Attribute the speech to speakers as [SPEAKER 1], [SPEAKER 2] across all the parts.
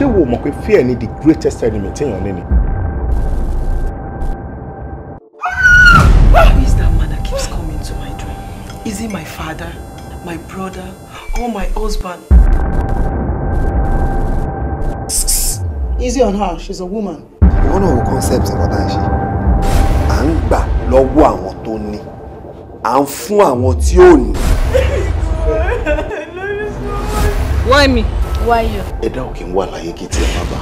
[SPEAKER 1] ṣé wo mọ̀ pé fear ni the greatest enemy téèyàn ní ni.
[SPEAKER 2] Who is that man that keeps coming to my dream? Is he my father, my brother, or my husband? Easy on her, she's a woman.
[SPEAKER 1] Wọ́n náà wo concepts about that? à ń ṣe. À ń gbà lọ́wọ́ àwọn tó ní. À ń fún àwọn tí ò ní. Why
[SPEAKER 3] me?
[SPEAKER 2] wáyọ̀.
[SPEAKER 1] ẹ̀dá ò kí ń wà láyé kí tiẹ̀ má bà.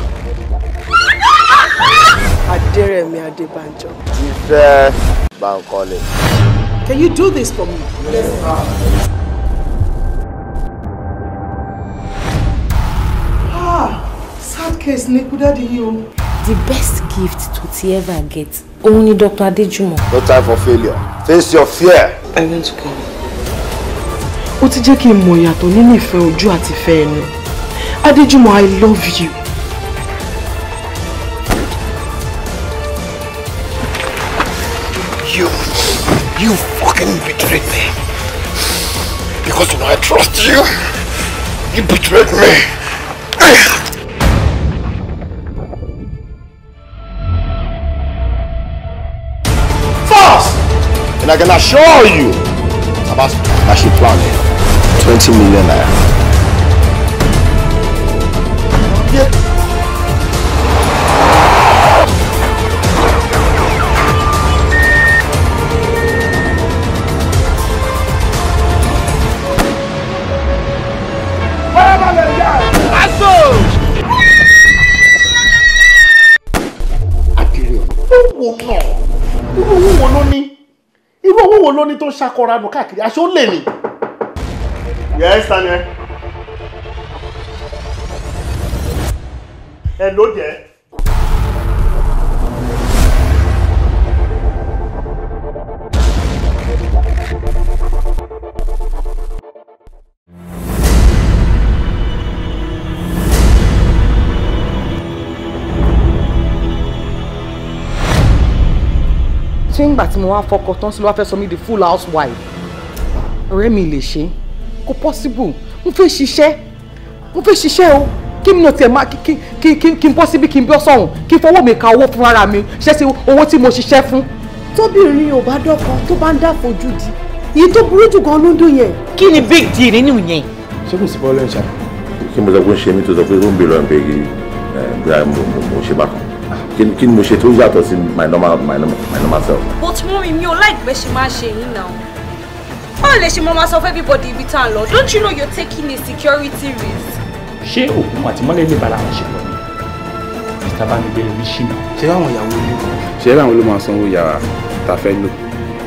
[SPEAKER 2] Adérẹ̀mí
[SPEAKER 4] Adébánjọ. ti fẹ́ Bánkọ́lé.
[SPEAKER 2] Can you do this for me? Yes, ah, The best gift to
[SPEAKER 3] ti ever get òun ni Dr. Adejumo.
[SPEAKER 4] No time for failure. Face your fear. I want to come.
[SPEAKER 2] Ó ti jẹ́ kí n mọ ìyàtọ̀ nínú ìfẹ́ ojú àti ìfẹ́ ẹnu. Adejumo, I love you. You, you fucking betrayed me. Because when I trust you, you betrayed me.
[SPEAKER 1] and I can assure you about that she planned
[SPEAKER 4] it. 20 million naira.
[SPEAKER 2] tó ń ṣakọra nù káàkiri aṣọ lè ní. yes Daniel. ẹ ló jẹ́. nígbà tí mo wá fọkọ tán sí ló wá fẹ́ sọ mí di full housewife ọ̀rẹ́ mi lè ṣe kò possible mo fẹ́ ṣiṣẹ́ mo fẹ́ ṣiṣẹ́ o kí mi náà tiẹ̀ máa kí kí kí n bọ́ síbí kí n bọ́ sọ̀hún kí n fọwọ́ mi ka owó fún ara mi ṣẹ́ sí owó tí mo ṣiṣẹ́ fún. tóbìnrin ò bá dọ́kọ tó bá ń dáfojú di èyí tó burú jù gan ló ń dùn yẹn. kí ni big deal nínú yẹn. ṣé kò sí bọ́ọ̀lù ẹ̀ ṣá.
[SPEAKER 4] kí mo sọ pé ó ń ṣe mí tó sọ pé ó ń bèèrè ọ̀nbẹ̀rẹ̀ bí mo ṣe bá kan kí ni mo ṣe tó yàtọ̀ sí my normal my normal my normal self.
[SPEAKER 3] but mọ́mí mi ò like bẹ́ẹ̀ ṣe máa ṣe yín náà báwo lè ṣe máa máa everybody be tá à don't you know you're taking a security risk.
[SPEAKER 2] ṣé òkun àti mọ́lẹ̀ lè bára wọn ṣe pọ̀ ni mr bámigbélé mi ṣì náà. ṣé báwọn ìyàwó ilé
[SPEAKER 1] ṣé báwọn ló máa sanwó yàrá tá a fẹ́ lò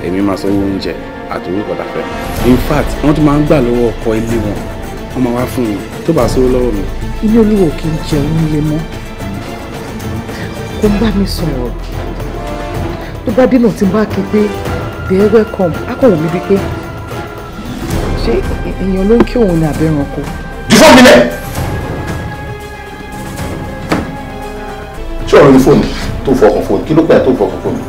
[SPEAKER 1] èmi máa sanwó oúnjẹ àti orúkọ tá fẹ́. in fact wọ́n tún máa ń gbà lọ́wọ́ ọkọ ilé wọn wọ́n máa wá fún mi tó bá sówó lọ́wọ́ mi
[SPEAKER 2] ilé olúwo kì í jẹun ilé mọ́ ó ń bá mi sọ̀rọ̀ tó bá dínà tí n bá ké pé they welcome akọ̀wé mi bíi pé ṣé èèyàn ló ń kí òun ní abẹ́ ẹranko. fóònù mi lẹ̀.
[SPEAKER 4] ṣé ọ̀rọ̀ ni fóònù tó fọkàn fóònù kí ló pẹ́ tó fọkàn fóònù.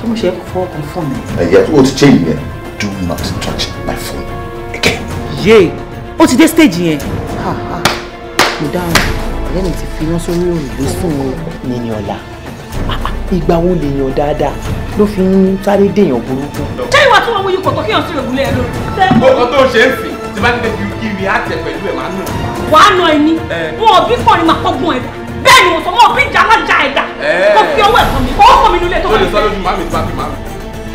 [SPEAKER 2] ṣé mo ṣe fọkàn fóònù.
[SPEAKER 4] ẹ̀yẹ o ti ṣe ìyẹn do not touch my phone
[SPEAKER 2] again. yéé ó ti dé stage yẹn mo dáhùn ọ̀rẹ́ mi ti fi iná sórí òrùlé sùn ní ní ọ̀la ah, ah, ìgbà wo lèèyàn dáadáa ló fi ń sáré dèèyàn burúkú. ṣé ìwà tó wà wọ́n yí kò tó kéèyàn sí ìrògùnlé ẹ lórí. gbogbo tó ṣe é sìn tí bá ti fi kiri àtẹ pẹ̀lú ẹ̀ máa nù. wàá nà ẹni wọn òbí pọ̀ ni màá kọ́gbọ́n ẹ̀dá bẹ́ẹ̀ ni mo sọ wọn òbí ìjà alájà ẹ̀dá
[SPEAKER 1] kò fi ọwọ́ ẹ̀kọ́ mi owó kọ́ mi nílé tó wà nílé. o lè sọ lójú màmí tí wàá fi màmí.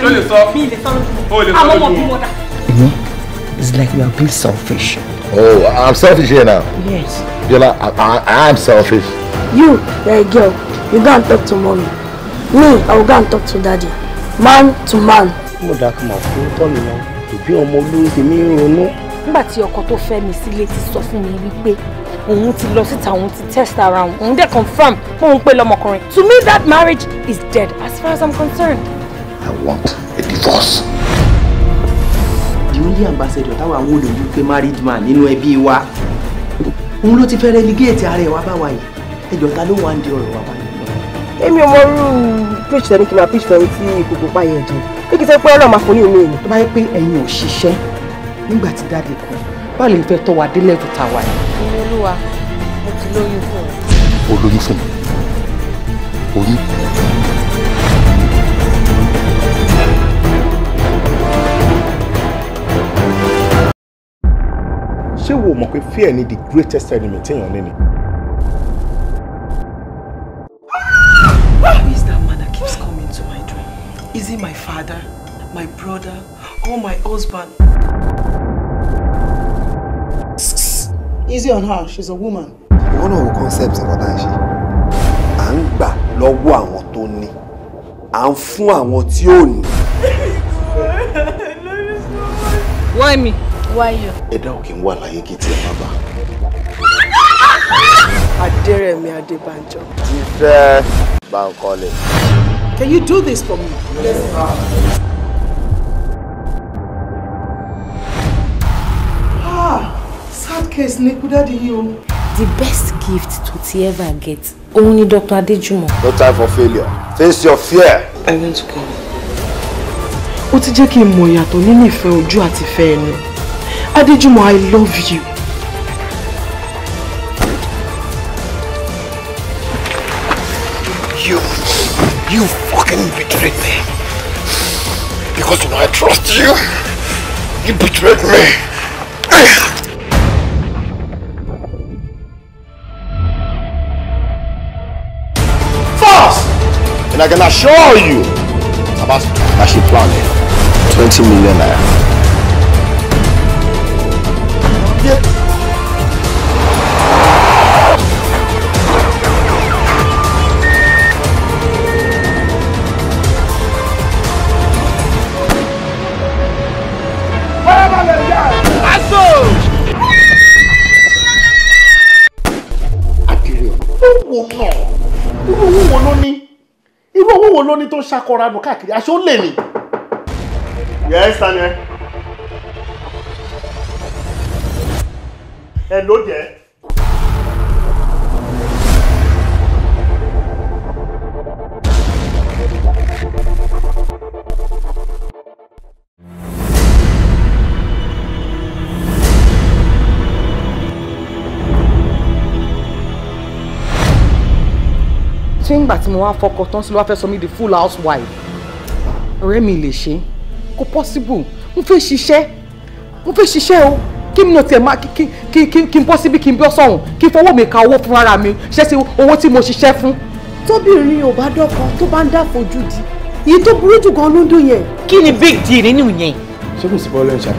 [SPEAKER 1] o lè sọ lójú lè sọ lójú màmí.
[SPEAKER 4] it's like you Oh, I'm selfish here now. Yes. Biola, I, I, I'm selfish.
[SPEAKER 3] You, you're a girl. You go and talk to mommy. Me, I will go and talk to daddy. Man to man.
[SPEAKER 4] Mo da
[SPEAKER 1] ka ma fún tọ́ mi náà.
[SPEAKER 2] Ìbí ọmọ olórí tèmi ń ronú.
[SPEAKER 3] Nígbà tí ọkọ tó fẹ́ mi sílé ti sọ fún mi wípé òun ti lọ síta want to test around. We want to confirm We pé òun pé lọmọkùnrin. To me that marriage is
[SPEAKER 2] dead as far as I'm concerned. I
[SPEAKER 5] want a divorce
[SPEAKER 2] media ambassador táwọn àwọn olùdó pé married man nínú ẹbí wa òun ló ti fẹ́ relegate ara ẹ̀ wá bá wa yìí ẹjọ́ ta ló wà ń di ọ̀rọ̀ wa báyìí. èmi ò mọ irú pitch tẹ́ni kí n máa pitch tẹ́ni tí ìkòkò páyẹ̀ ẹ̀jẹ̀ bí kì í ṣe pé ọlọ́run máa forí omi èèyàn. tó bá yẹ pé ẹ̀yin ò ṣiṣẹ́ nígbà tí dáàdi kan bá lè fẹ́ tọ́ wa délẹ̀ tó ta wa yìí. olúwa mo ti
[SPEAKER 4] lóyún fún ọ. o fún mi
[SPEAKER 1] ṣé wo mọ̀ pé fear ni the greatest enemy téèyàn ní ni.
[SPEAKER 5] who is that man
[SPEAKER 2] that keeps coming to my dream is he my father my brother or my husband. easy on her she's a woman.
[SPEAKER 1] ìwọ náà wo concept nǹkan tá à ń ṣe à ń gbà lọ́wọ́ àwọn tó ní à ń fún àwọn tí ò ní.
[SPEAKER 3] why me. Wáyọ̀.
[SPEAKER 1] Ẹ̀dá òkè ń wà láyé kí tiẹ̀ má bà.
[SPEAKER 2] Adérẹ̀mí Adébánjọ.
[SPEAKER 4] Ti fẹ́ Bankole.
[SPEAKER 2] Can you do this for me? Yes, ma'am. Ah, sad case ni kú dáàdi yìí
[SPEAKER 3] The best gift to ti ever get òun ni Dr. Adéjùmọ̀.
[SPEAKER 4] No time for failure. Face your fear. I want to come.
[SPEAKER 2] Ó ti jẹ́ kí n mọ ìyàtọ̀ nínú ìfẹ́ ojú àti ìfẹ́ ẹnu. Adejumo, I love you. You, you fucking betrayed me. Because you know I trust you. You betrayed me.
[SPEAKER 1] And I can assure you about
[SPEAKER 4] that she planned it. 20 million naira.
[SPEAKER 2] ló tó ń ṣakọra nù káàkiri aṣọ lè ní. yes Daniel. ẹ ló jẹ́. ṣé ń gbà tí mo wá fọkọ tán sí ló wá fẹ́ sọ mí di full housewife ọ̀rẹ́ mi lè ṣe kò possible mo fẹ́ ṣiṣẹ́ mo fẹ́ ṣiṣẹ́ o kí mi náà tiẹ̀ máa kí kí kí kí n bọ́ síbí kí n bọ́ sọ̀hún kí n fọwọ́ mi ka owó fún ara mi ṣẹ́ sí owó tí mo ṣiṣẹ́ fún. tóbìnrin ò bá dọ́kan tó bá ń dáfojú di èyí tó burú jù gan ló ń dùn yẹn. kí ni
[SPEAKER 1] big deal nínú yẹn. ṣé kò sí bọ́ọ̀lù ẹ̀ ṣá.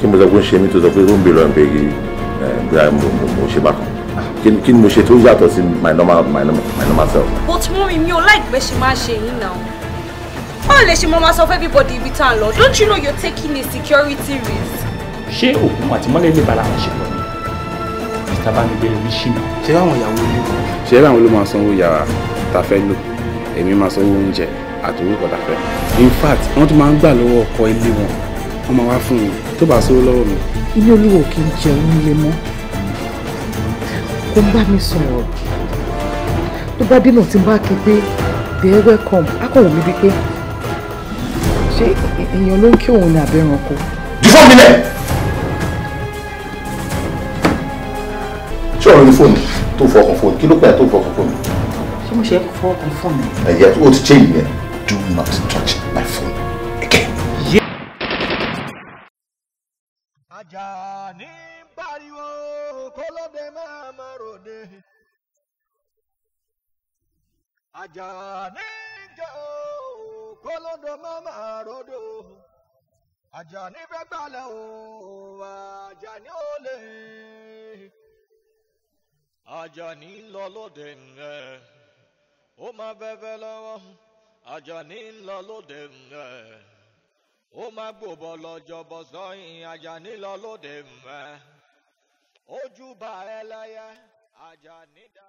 [SPEAKER 4] kí mo sọ pé ń ṣe mí tó sọ pé ó ń bèrè ọ̀nbẹ̀rẹ̀ gbà mo ṣe bákan kí ni mo ṣe tó yàtọ̀ sí my normal my normal my normal self.
[SPEAKER 3] but mọ́mí mi ò láìpẹ́ ṣe máa ṣe yín náà báwo lè ṣe mọ́ máa sọ fún everybody ibi tá à ń lọ don't you know you're taking a security
[SPEAKER 2] risk. ṣé òkun àti mọ́lẹ̀ lè bára wọn ṣe pọ̀ ni mr bamidele mi
[SPEAKER 1] ṣì náà. ṣé àwọn ìyàwó ilé ṣé àwọn ló máa sanwó yàrá tá a fẹ́ lò èmi máa sanwó oúnjẹ àti orúkọ tá a fẹ́ in fact wọ́n tún máa ń gbà lọ́wọ́ ọkọ ilé wọn wọ́n máa wá fún mi tó bá sówó lọ́wọ́ mi
[SPEAKER 2] ilé olúwo kì í jẹun nílé mọ́ ó ń bá mi sọ̀rọ̀ tó bá dínà tí n bá ké pé they welcome akọ̀wé mi bíi pé ṣé èèyàn ló ń kí òun ní abẹ́ranko.
[SPEAKER 4] jùfọ́ mi lẹ̀. ṣé ọ̀rọ̀ ní fóònù tó fọkàn fóònù kí ló pẹ́ tó fọkàn fóònù.
[SPEAKER 2] ṣé mo ṣe é fọkàn fóònù.
[SPEAKER 4] ẹ̀yà ó ti change yẹn do not touch my phone again. ajá
[SPEAKER 6] ní. Àjàní jẹ́ o kólódó mọ́mọ́ àròdò Àjàní fẹ́ gbalẹ̀ o Àjàní ó lè. Àjàní lọ lóde ńlẹ̀ ó máa bẹ́fẹ́ lọ́wọ́ Àjàní lọ lóde ńlẹ̀ ó máa gbòbọ̀ lọ́jọ́ bọ̀ sọ́yìn Àjàní lọ lóde ńlẹ̀ ojú ẹlẹ́yẹ Àjàní dá.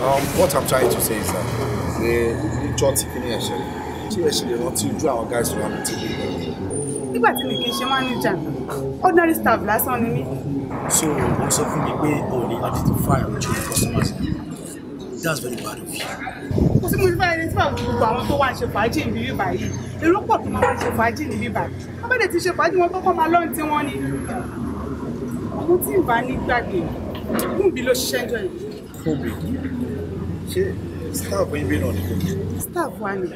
[SPEAKER 1] um, what i'm trying to say is that ṣe ìjọ tí kìíní ẹ̀ ṣẹlẹ̀ want to draw our rántí ojú àwọn guys tó wà ní tv
[SPEAKER 3] nígbà tí mi kì í ṣe manager
[SPEAKER 2] ordinary staff lásán ni mí.
[SPEAKER 1] so o sọ fún mi pé o lè identify ojú customers
[SPEAKER 2] that's very bad of you. kò sí mo ní fẹ́ẹ́ retí àwọn gbogbo àwọn tó wá ṣe fàájì níbí bíbá yìí èrò pọ̀ tó máa wá ṣe fàájì níbí bíbá yìí wọ́n bẹ̀rẹ̀ ti ṣe fàájì wọn kọ́kọ́ máa lọ́n tí wọ́n ní. ọmọ tí ì bá ní gbàgbé fún ló ṣiṣẹ́ jọ yìí.
[SPEAKER 1] fún ṣé staff yín bí náà nìkan.
[SPEAKER 2] staff wa ni.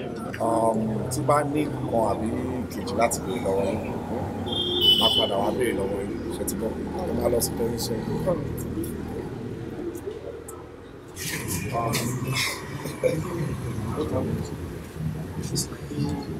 [SPEAKER 1] Um, tí bá ní kan àbí kejì láti béèrè lọ́wọ́ yín máa padà wá béèrè lọ́wọ́ yín ṣe ti bọ̀ ẹ máa lọ sí tọ́jú
[SPEAKER 5] Thank you.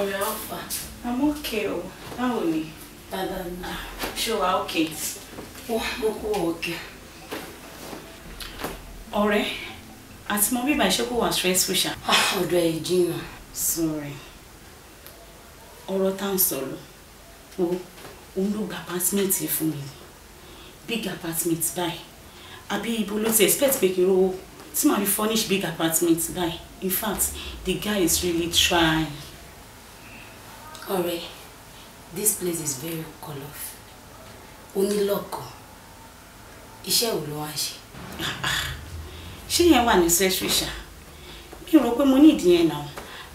[SPEAKER 3] ọ̀rẹ́ alfa. àmọ́ kẹ o báwo ni. dáadáa ni ah, ṣé wàá òkè. wọ́n mú kó òkè. ọ̀rẹ́ àti mọ bíbá iṣẹ́ kò wà stressful ṣá. Ah, ọ̀dọ̀ ẹ̀ jìnnà. sorry ọ̀rọ̀ tá à ń sọ̀rọ̀ o òun ló gba apartment fún mi big apartment báyìí àbí ibo ló ti expect pé kí n rówó tí màá fi furnish big apartment báyìí in fact the guy is really trying ọ̀rẹ́ this place is very colorful onílọ̀kan iṣẹ́ wo ló wá ṣe. ṣé yẹn wà ní sẹ́ṣúṣà mi rò pé mo ní ìdíyẹn náà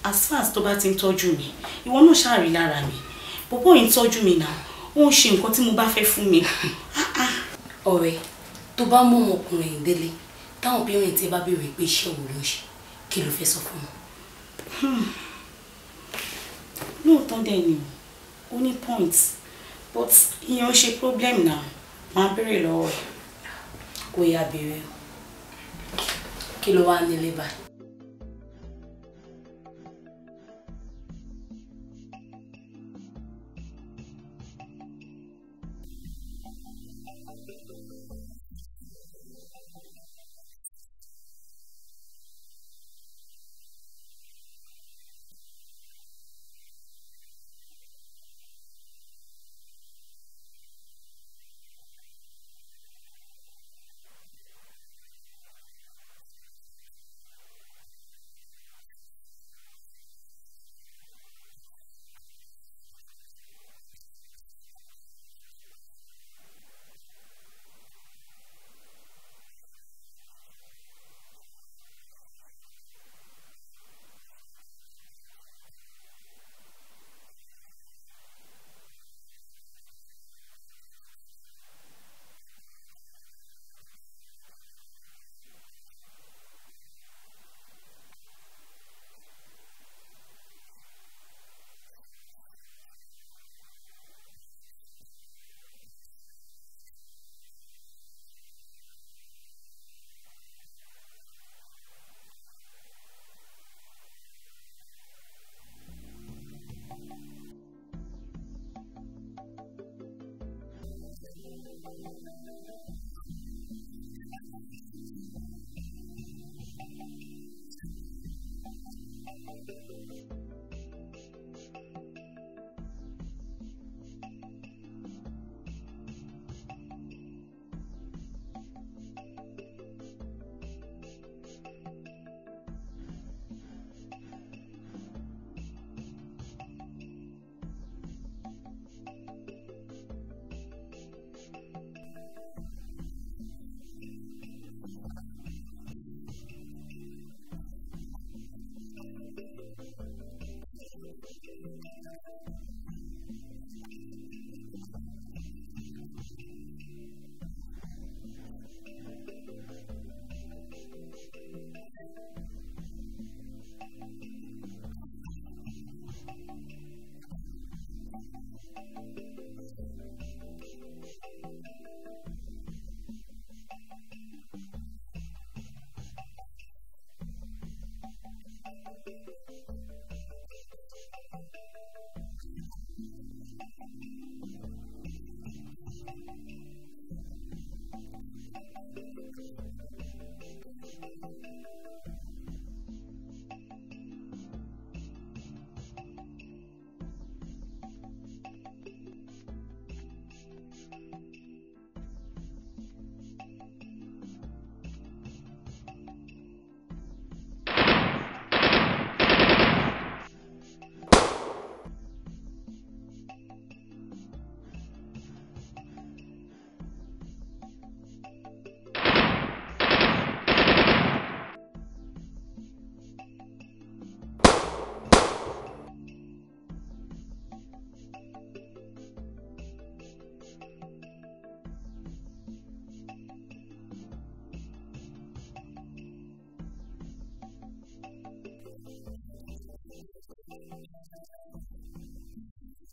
[SPEAKER 3] as far as tó bá ti ń tọ́jú mi ìwọ náà ṣàrí lára mi bòbó yìí ń tọ́jú mi náà ó ń ṣe nǹkan tí mo bá fẹ́ fún mi. ọ̀rẹ́ tó bá mú ọmọkùnrin yìí délé táwọn obìnrin tí bá béèrè pé iṣẹ́ wo ló ń ṣe kí ló fẹ́ sọ fún lóòótọ́ dẹ̀ ni ó ní point but ìyẹn ó ṣe problem náà máa béèrè lọ́wọ́ ẹ̀ kó yá béèrè kí ló wá nílé báyìí.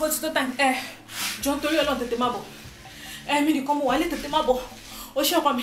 [SPEAKER 3] ó ti tó tán ẹ eh, jọ nítorí Ọlọ́run tètè má bọ̀ ẹ eh, mi nìkan mo wà lè tètè má bọ̀ ó ṣe ọkọ mi.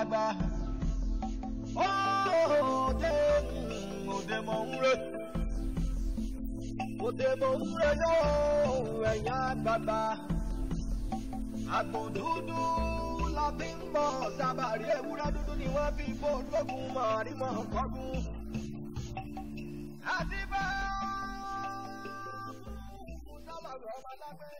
[SPEAKER 6] dàgbà òde òde mò ń re òde mò ń re yóò ẹ̀yà àgbààgbà àgbò dúdú la fi ń bọ̀ sábàrí ewúrẹ́ dúdú ni wọ́n fi bó lógun mọ̀ọ́rímọ̀ kọ́gùn àti bá. Thank you.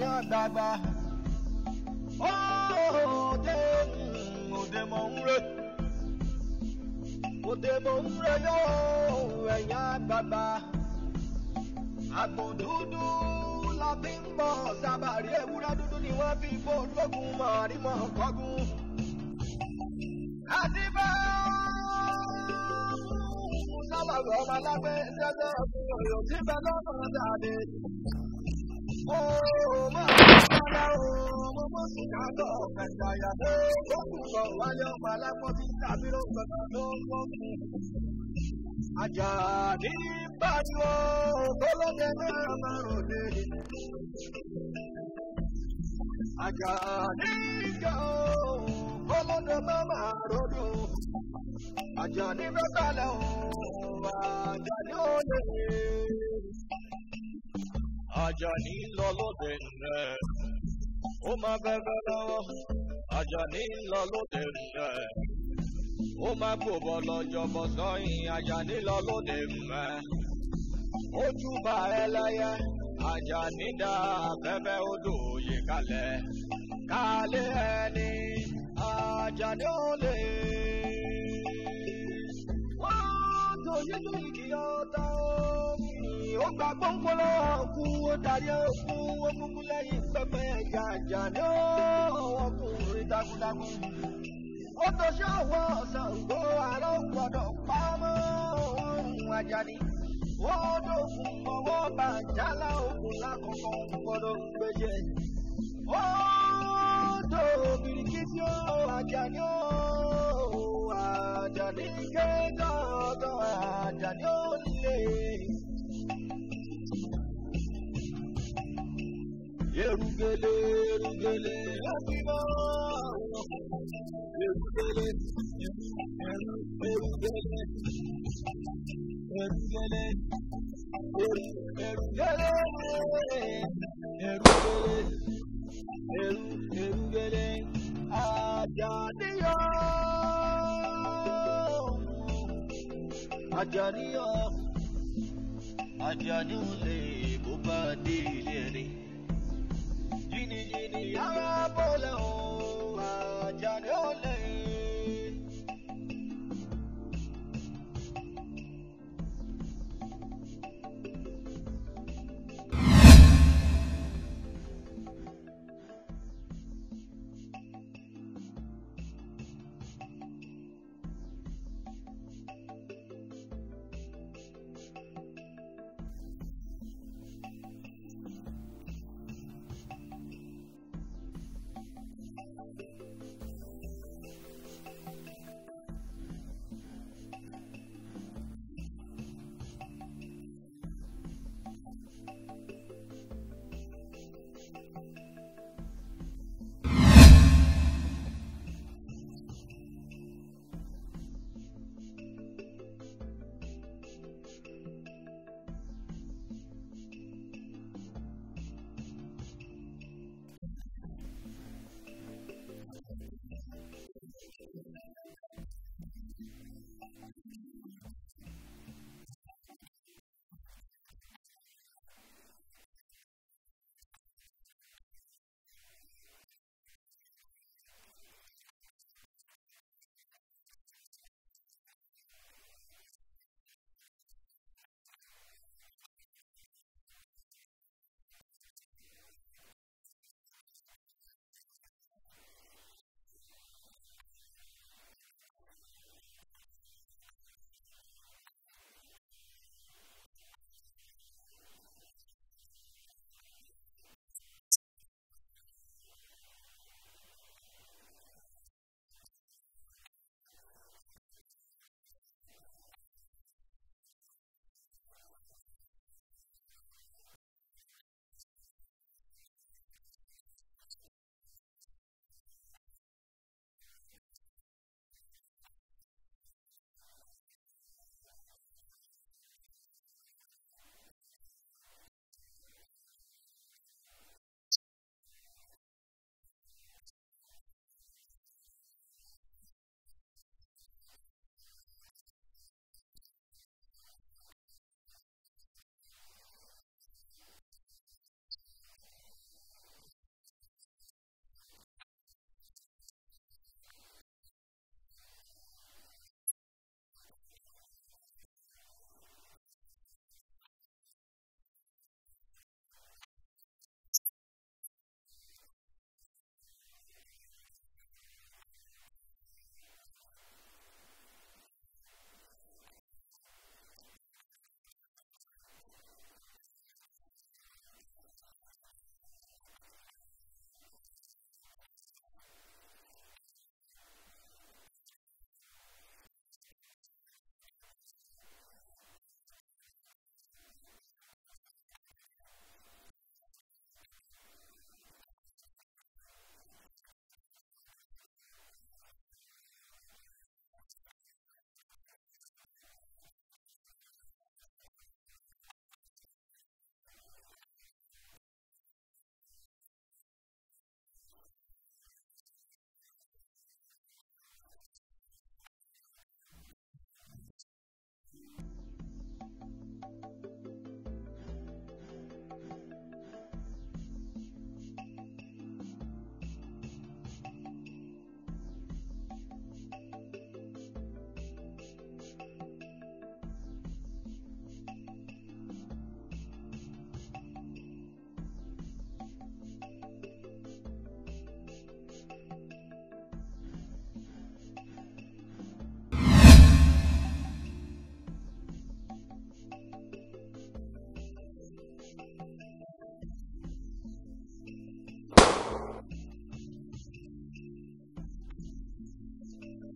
[SPEAKER 6] yàn dàgbà. Òde òde ode ń re. Òde mọ̀ ń re yóò ẹ̀yàn dàgbà. Àgbò la fi ń bọ̀ sábàrí ewúrẹ́ dúdú ni wọ́n fi bó lógun mọ̀ rí mọ̀ kọ́gun. Àti bẹ́ẹ̀ sábàrọ̀ ọmọ alágbé ṣẹ́gbẹ́ ọ̀sìn ọ̀yọ́ síbẹ̀ lọ́nà jáde. Àjàdí pariwo kólóde náà máa ròde. Àjàdí jọ kólóde náà máa ròde. Àjàdí bẹ́ẹ̀ kalẹ̀ o, àjàdí ó lè. Ajani lọ́lọ́ dẹ̀nẹ̀. Ó máa Ajani lọ́lọ́ dẹ̀nẹ̀. Ó máa kó bọ̀ lọ́jọ́ Ajani lọ́lọ́ dẹ̀nẹ̀. Ojúbà ẹlẹ́yẹ, Ajani da afẹ́fẹ́ odò yìí kalẹ̀. Kálé ẹni, Ajani ole oyè tó yìí kì í ọ̀tọ̀ ó gba pọ́npọ́lọ́ ọ̀kú ó darí ọ̀kú ó kúkú lẹ́yìn pẹpẹ jàjà ní ọkùnrin takuntakun. ó tọ́ṣẹ́ ọwọ́ ṣàǹgó àárọ̀ gbọ́dọ̀ pa mọ́ ọ̀hún ajáni. ó dòkun ọwọ́ bàjálà òkun lákòókò gbọ́dọ̀ gbẹ́jẹ́. Thank you.
[SPEAKER 5] erugele erugele erugele erugele erugele erugele erugele.
[SPEAKER 6] ẹrú ẹrú gẹlẹ àjàníyọ àjàníyọ àjàní olè bó bá dé ilé ẹni jìnnìjìnnì ara bọ́lẹ̀ o àjàní olè.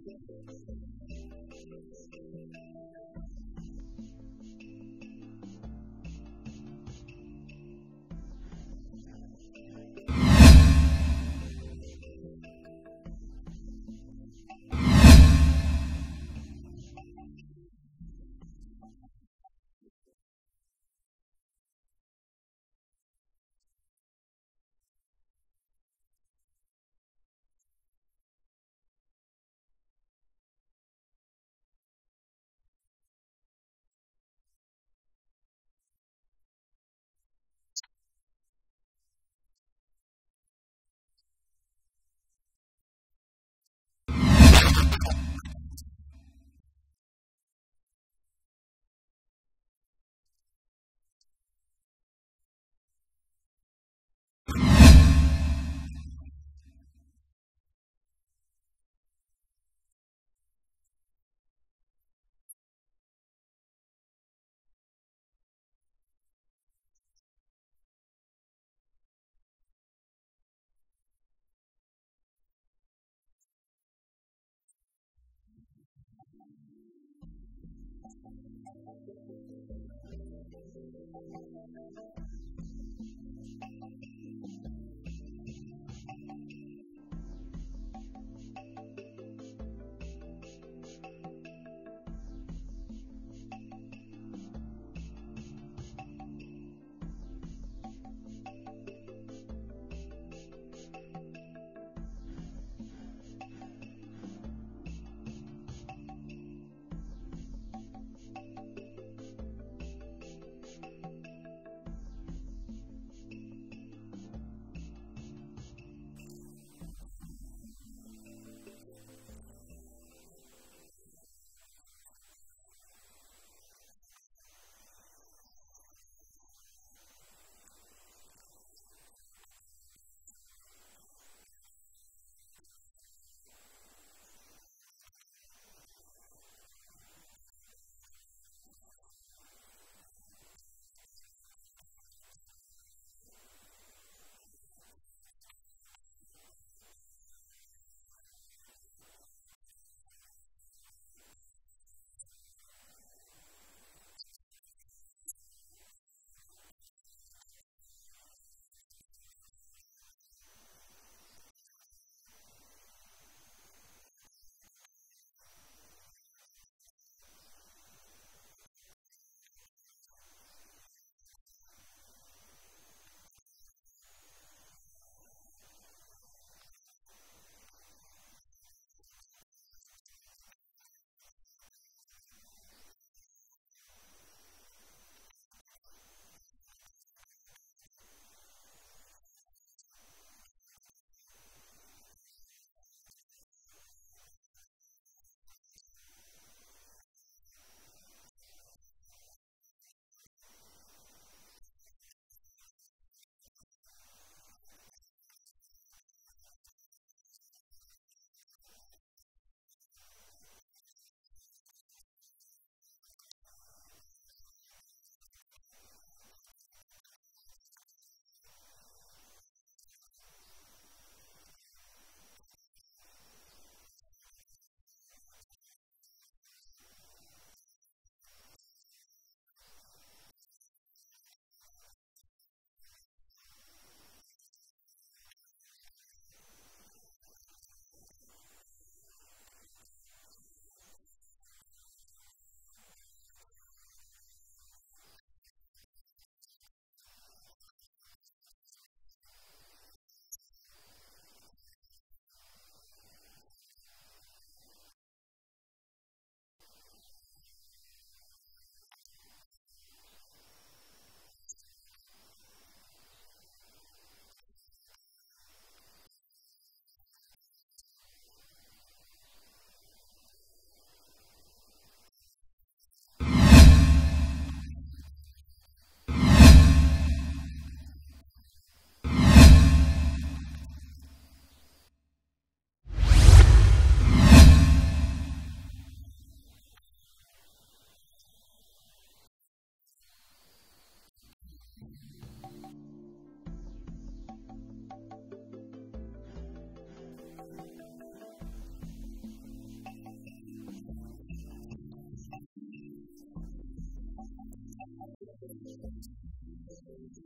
[SPEAKER 5] Thank you.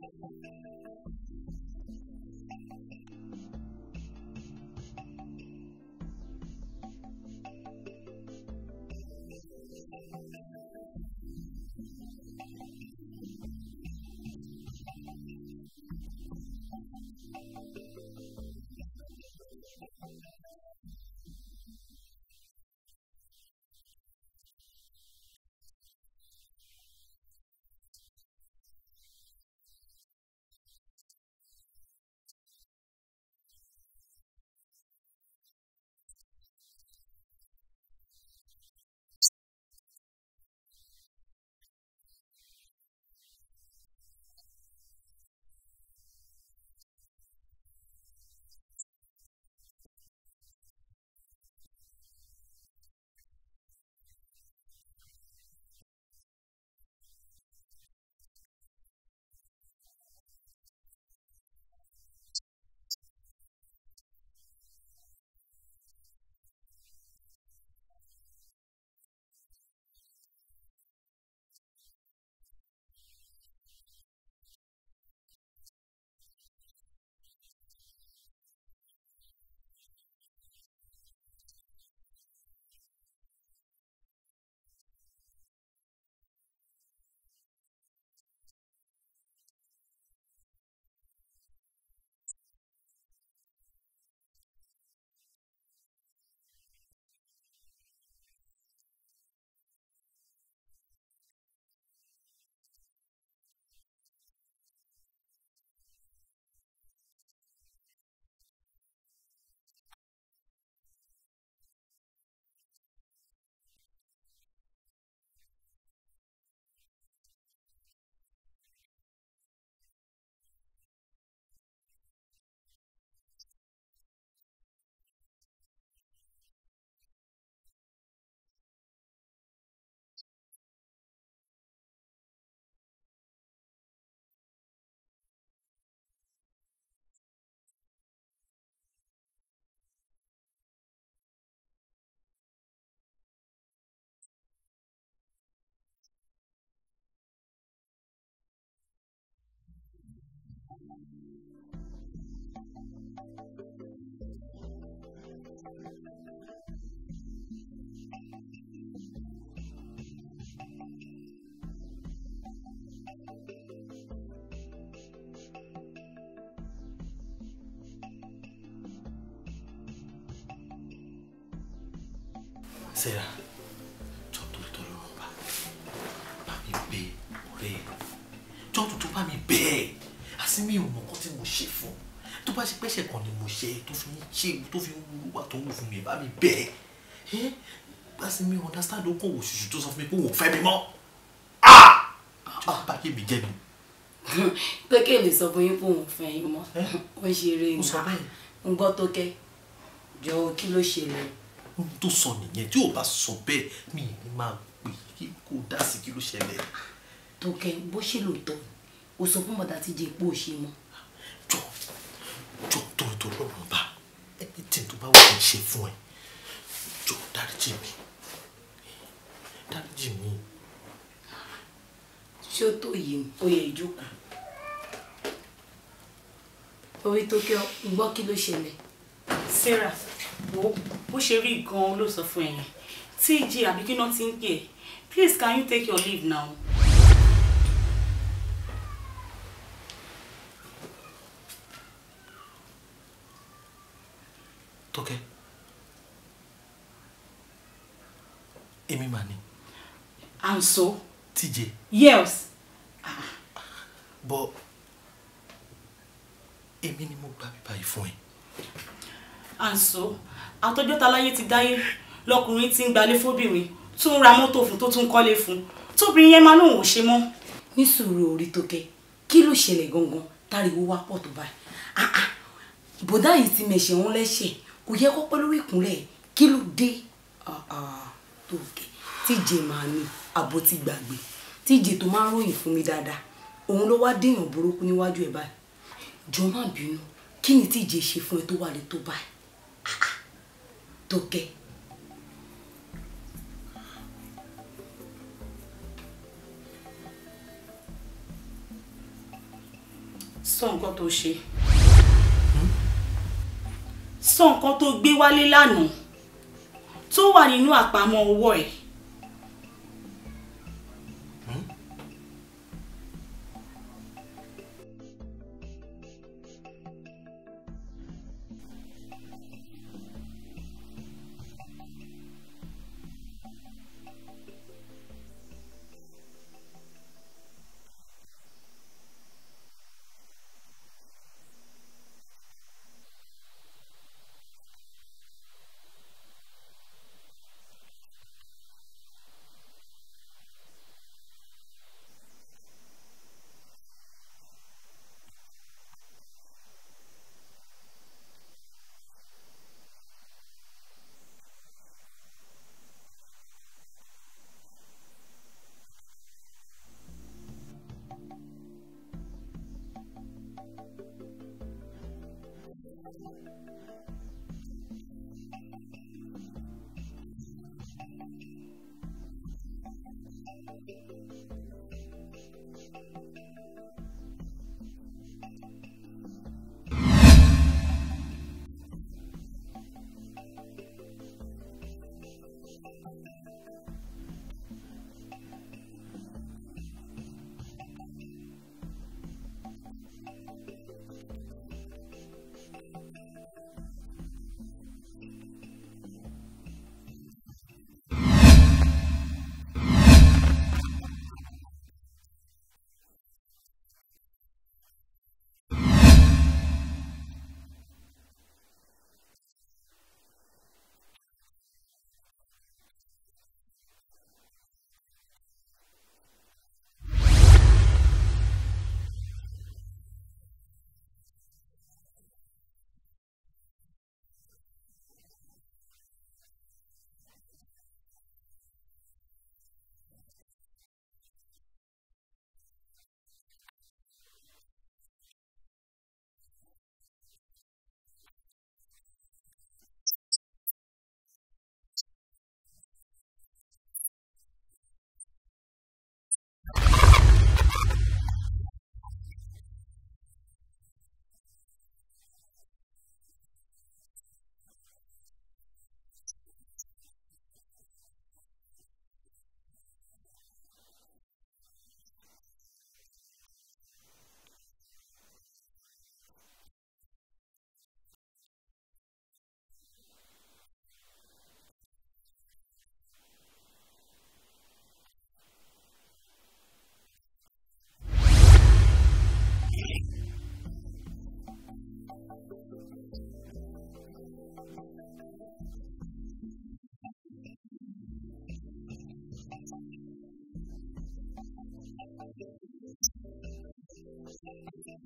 [SPEAKER 5] Thank you. Sarah jọ torí tọ́lọ́ wọn bá bá mi bẹ ọ̀rẹ́ jọ tó tó
[SPEAKER 2] bá mi bẹ ẹ̀ àsìmí ìmọ̀ kan tí mo ṣe fún tó bá ṣe pẹ́ṣẹ̀ kan ni mo ṣe tó fi ń ṣe tó fi ń wúwà understand ó kọ̀ wò ṣùṣù tó sọ fún mi pé òun fẹ́ mi mọ́ jọ bá yé mi jẹ́ mi.
[SPEAKER 3] pé kéèlè sọ fún yín pé òun fẹ́ yín mọ́ ó ń ṣeré ní ń gbọ́
[SPEAKER 2] ohun tó sọ nìyẹn tí ò bá sọ bẹ́ẹ̀ mi ì
[SPEAKER 1] ní máa pè kí kò dá sí kí ló ṣẹlẹ̀.
[SPEAKER 2] tókè bó ṣe lóòótọ́ o sọ fún bàtà tí jẹ́pọ̀ ò ṣe mọ́. jọ jọ tòrótòró lọ́wọ́ bá ẹni tí tó bá wà ní ṣe fún ẹ jọ dáríjì mi dáríjì mi. ṣé ó tó yìí ó yẹ ìjókòó
[SPEAKER 3] orí tó gbọ́ kí ló ṣẹlẹ̀. sarah wo bó ṣe rí gan-an ló sọ fún ẹ̀yìn TJ àbí kí náà ti ń pè please can you take your leave now.
[SPEAKER 2] Tókẹ́ èmi mà ni. and so. TJ. yes. Ah.
[SPEAKER 5] bọ́ èmi
[SPEAKER 3] ni mo gbà bíbá yìí fún ẹ and so àtọjọ́ ta láyé ti dáyé lọkùnrin ti ń gbalé fóbìnrin tó ń ra mọ́tò fún tó tún kọ́lé fún tóbìnrin yẹn máa lóun ò ṣe mọ́. ní sùúrù orí tó kẹ kí ló ṣẹlẹ̀ gangan táriwo wá pọ̀ tó báyìí bòdá yìí ti mẹ̀ṣẹ̀ wọn lẹ́ṣẹ̀ kò yẹ kó pẹ́ lórí ìkúnlẹ̀ kí ló dé tó kẹ tíjẹ máa ní àbò ti gbàgbé tíjẹ tó máa ń ròyìn fún mi dáadáa òun ló wá déèyàn burúkú níwájú ẹ báyìí jọ má bínú kí ni tíjẹ ṣe fún ẹ tó wà lè tó báyìí tó gẹ̀. sọ nǹkan tó ṣe sọ nǹkan tó gbé wálé lánàá tó wà nínú àpamọ́ ọwọ́ ẹ̀. E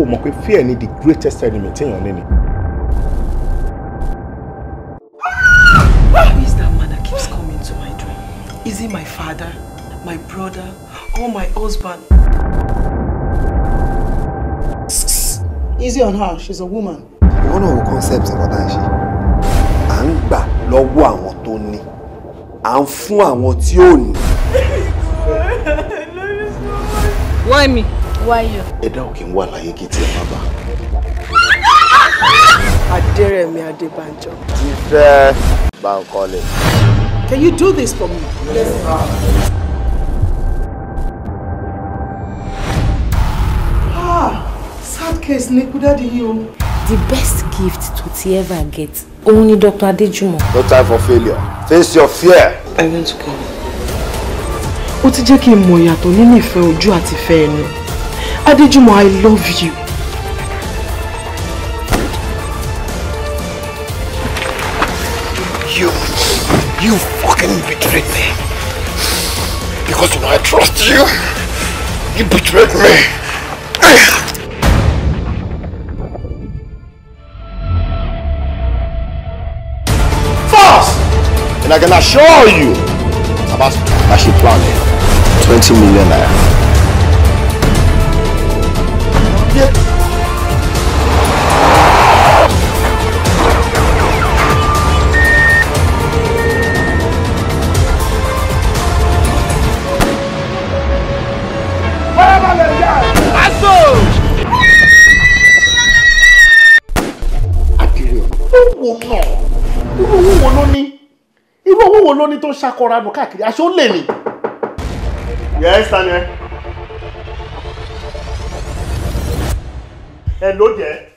[SPEAKER 1] ò mọ̀ pé fear ni the greatest enemy téèyàn ní ni.
[SPEAKER 5] Who is that man that
[SPEAKER 2] keeps coming to my dream? Is he my father, my brother, or my husband? Easy on her, she's a woman.
[SPEAKER 1] Wọ́n náà wo concept nǹkan tá à ń ṣe. À ń gbà lọ́wọ́ àwọn tó ní. À ń fún àwọn tí ò ní.
[SPEAKER 3] Why me? wáyọ̀.
[SPEAKER 1] ẹ̀dá ò kí ń wà láyé kí tiẹ̀ má bà.
[SPEAKER 2] Adérẹ̀mí Adébánjọ.
[SPEAKER 4] ti fẹ́ Bánkọ́lé.
[SPEAKER 2] Can you do this for me? Yes, ma'am. Ah, sad case ni kú dáàdi yìí o. The
[SPEAKER 3] best gift to ti ever get òun Dr. Adejumo.
[SPEAKER 4] No time for failure. Face your fear. I want to go.
[SPEAKER 2] Ó ti jẹ́ kí n mọ ìyàtọ̀ nínú ìfẹ́ ojú àti ìfẹ́ ẹni. know I love you.
[SPEAKER 5] You, you
[SPEAKER 2] fucking betrayed me. Because when I trust you,
[SPEAKER 1] you betrayed me. and I can assure you about
[SPEAKER 4] Nashi Planet. 20 million naira.
[SPEAKER 2] ló ní tó ń ṣakọranù káàkiri aṣọ ó lè ní. yes Daniel. ẹ ló jẹ́.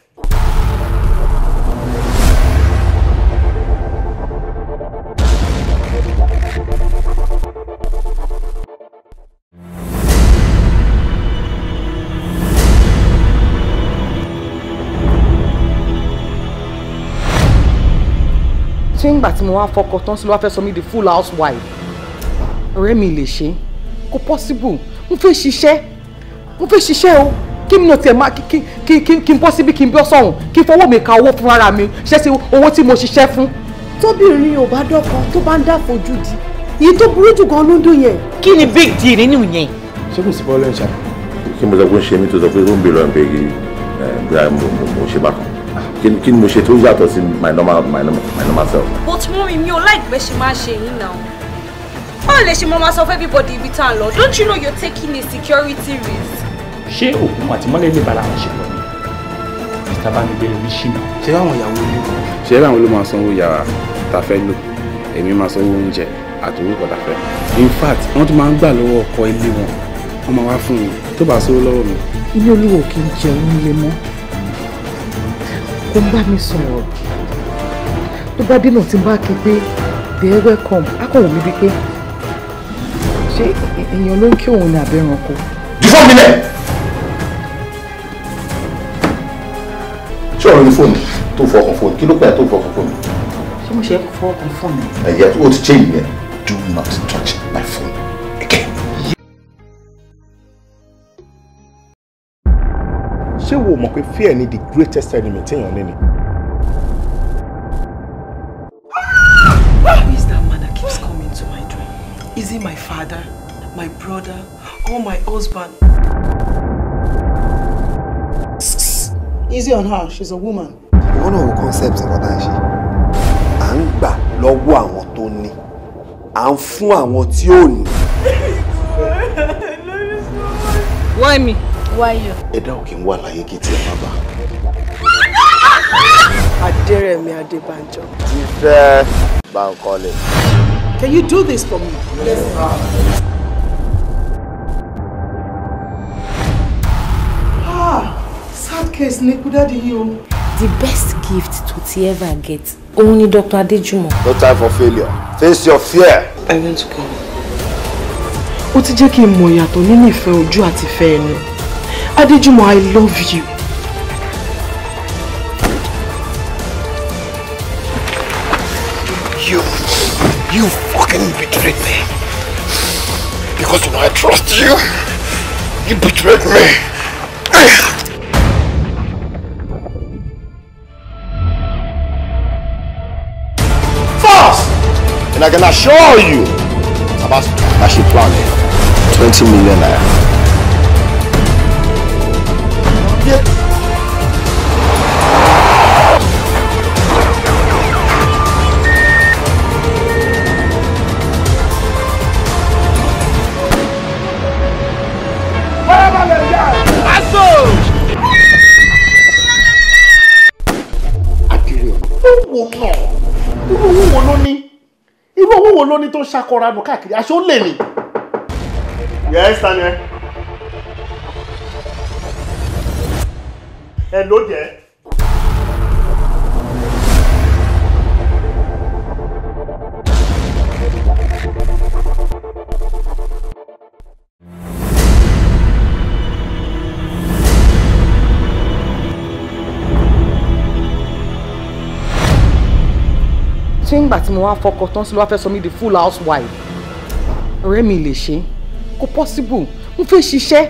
[SPEAKER 2] tí ń gbà tí mo wá fọkọ tán sí ló wá fẹ́ sọ mí di full housewife ọ̀rẹ́ mi lè ṣe kò possible mo fẹ́ ṣiṣẹ́ mo fẹ́ ṣiṣẹ́ o kí mi náà tiẹ̀ máa kí kí kí kí n bọ́ síbí kí n bọ́ sọ̀hún kí n fọwọ́ mi ka owó fún ara mi ṣẹ́ sí owó tí mo ṣiṣẹ́ fún. tóbìnrin ò bá dọ́kan tó bá ń dáfojú di èyí tó burú jù gan ló ń dún yẹn. kí ni big deal nínú yẹn.
[SPEAKER 1] ṣé kò sí bọ́ọ̀lù ẹ̀ ṣá.
[SPEAKER 4] kí mo sọ pé ń ṣe mí tó sọ pé ó ń bèèrè ọ̀nbẹ̀rẹ̀ eh, bí mo ṣe bá kan kí ni mo ṣe tó yàtọ̀ sí my normal my normal my normal self.
[SPEAKER 3] but mọ́mí mi ò láìpẹ́ ṣe máa ṣe yín náà báwo lè ṣe máa sọ fún everybody ibi tá à lọ don't you know you're taking a security
[SPEAKER 2] risk. ṣé òkun àti mọ́lẹ̀ lè bára wọn ṣe pọ̀ ni mr bámigbére rí ṣìnà.
[SPEAKER 1] ṣé báwọn ìyàwó ló ṣé báwọn ló máa sanwó yàrá tá a fẹ́ lò èmi máa sanwó oúnjẹ àti orúkọ tá fẹ́. in fact wọ́n tún máa ń gbà lọ́wọ́ ọkọ ilé wọn wọ́n máa wá fún mi tó bá sówó lọ́wọ́ mi.
[SPEAKER 2] ilé olúwo kì í jẹun nílé mọ́ kó ń bá mi sọ̀rọ̀ tó bá dínà tí n bá ké pé they are welcome á kàn wò mí bíi pé ṣé èèyàn ló ń kí òun ní abẹ́ranko.
[SPEAKER 4] before mi lẹ. ṣé ọ̀rọ̀ ní fóònù tó fọkàn fóònù kí ló pẹ́ tó fọkàn fóònù.
[SPEAKER 2] ṣé mo ṣe fọkàn fóònù.
[SPEAKER 4] ẹ̀yà tó o ti ṣe ìyẹn
[SPEAKER 1] do not touch it. mọ̀ pé fear ni the greatest enemy téèyàn ní ni.
[SPEAKER 5] Who is that man that keeps
[SPEAKER 2] coming to my dream? Is he my father, my brother, or my husband? Easy on her, she's a woman.
[SPEAKER 1] Wọ́n náà wo concepts nǹkan tá à ń ṣe. À ń gbà lọ́wọ́ àwọn tó ní. À ń fún àwọn tí ò ní.
[SPEAKER 3] Why me? Wáyọ̀.
[SPEAKER 1] Ẹ̀dá ò kí ń wà láyé kí tiẹ̀ má bà.
[SPEAKER 2] Adérẹ̀mí Adébánjọ.
[SPEAKER 4] Ti fẹ́ Bankole.
[SPEAKER 2] Can you do this for me? Yes, ma'am. Ah, sad case ni kú dáàdi The best
[SPEAKER 3] gift to ti ever get òun Dr. Adejumo.
[SPEAKER 4] No time for failure. Face your fear. I want to go.
[SPEAKER 2] Ó ti jẹ́ kí n mọ ìyàtọ̀ nínú ìfẹ́ ojú àti ìfẹ́ ẹnu. Adejumo, I love you.
[SPEAKER 5] You, you
[SPEAKER 2] fucking betrayed me. Because when I trust you, you betrayed me.
[SPEAKER 1] and I can assure you about
[SPEAKER 4] that she planned it. 20 million naira.
[SPEAKER 2] tó ń ṣakọra nù káàkiri aṣọ lè ní. yes Daniel. ẹ ló jẹ́. ṣé ń gbà tí mo wá fọkọ tán sí ló wá fẹ́ sọ mí di full housewife ọ̀rẹ́ mi lè ṣe kò possible mo fẹ́ ṣiṣẹ́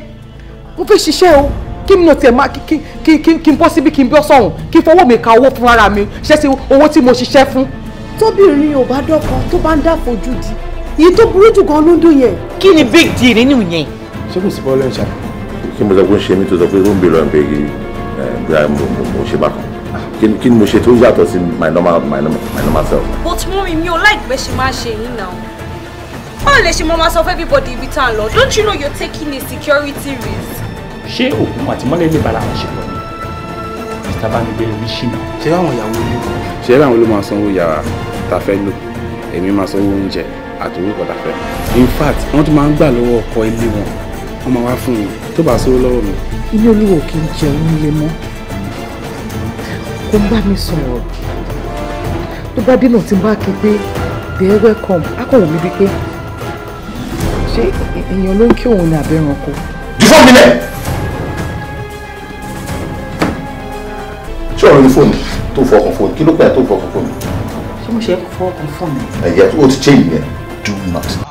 [SPEAKER 2] mo fẹ́ ṣiṣẹ́ o kí mi náà tiẹ̀ máa kí kí kí kí n bọ́ síbí kí n bọ́ sọ̀hún kí n fọwọ́ mi ka owó fún ara mi ṣẹ́ sí owó tí mo ṣiṣẹ́ fún. tóbìnrin ò bá dọ́kọ tó bá ń dáfojú di èyí tó burú jù gan ló ń dùn yẹn. kí ni big deal nínú yẹn.
[SPEAKER 1] ṣé kò sí bọ́ọ̀lù ẹ̀
[SPEAKER 4] kí mo sọ pé ń ṣe mí tó sọ pé ó ń bèèrè ọ̀nbẹ̀rẹ̀ eh, bí mo ṣe bá kan kí ni mo ṣe tó yàtọ̀ sí my normal my normal my normal self.
[SPEAKER 3] but mọ́mí mi ò like bẹ́ẹ̀ ṣe máa ṣe yín náà báwo lè ṣe máa máa sọ fún everybody ibi tá à ń lọ don't you know you're taking a security
[SPEAKER 2] risk. ṣé òkun àti mọ́lẹ̀ lè bára wọn ṣe pọ̀ ni mr bámigbélé mi ṣì náà.
[SPEAKER 1] ṣé báwọn ìyàwó ilé ṣé báwọn ló máa sanwó yàrá tá a fẹ́ lò èmi máa sanwó oúnjẹ àti orúkọ tá a fẹ́. in fact wọ́n tún máa ń gbà lọ́wọ́ ọkọ ilé wọn wọ́n máa wá fún mi tó bá sówó lọ́wọ́ mi
[SPEAKER 2] ilé olúwo kì í jẹun ilé mọ́ ó ń bá mi sọ̀rọ̀ tó bá dínà tí n bá ké pé they welcome akọ̀wé mi bíi pé ṣé èèyàn ló ń kí òun ní abẹ́ ẹranko.
[SPEAKER 1] fóònù mi lẹ̀. ṣé ọ̀rọ̀ ni fóònù
[SPEAKER 4] tó fọkàn fóònù kí ló pẹ́ tó fọkàn fóònù.
[SPEAKER 2] ṣé mo ṣe fọkàn fóònù.
[SPEAKER 4] ẹ̀yà o ti ṣe ìyẹn do not.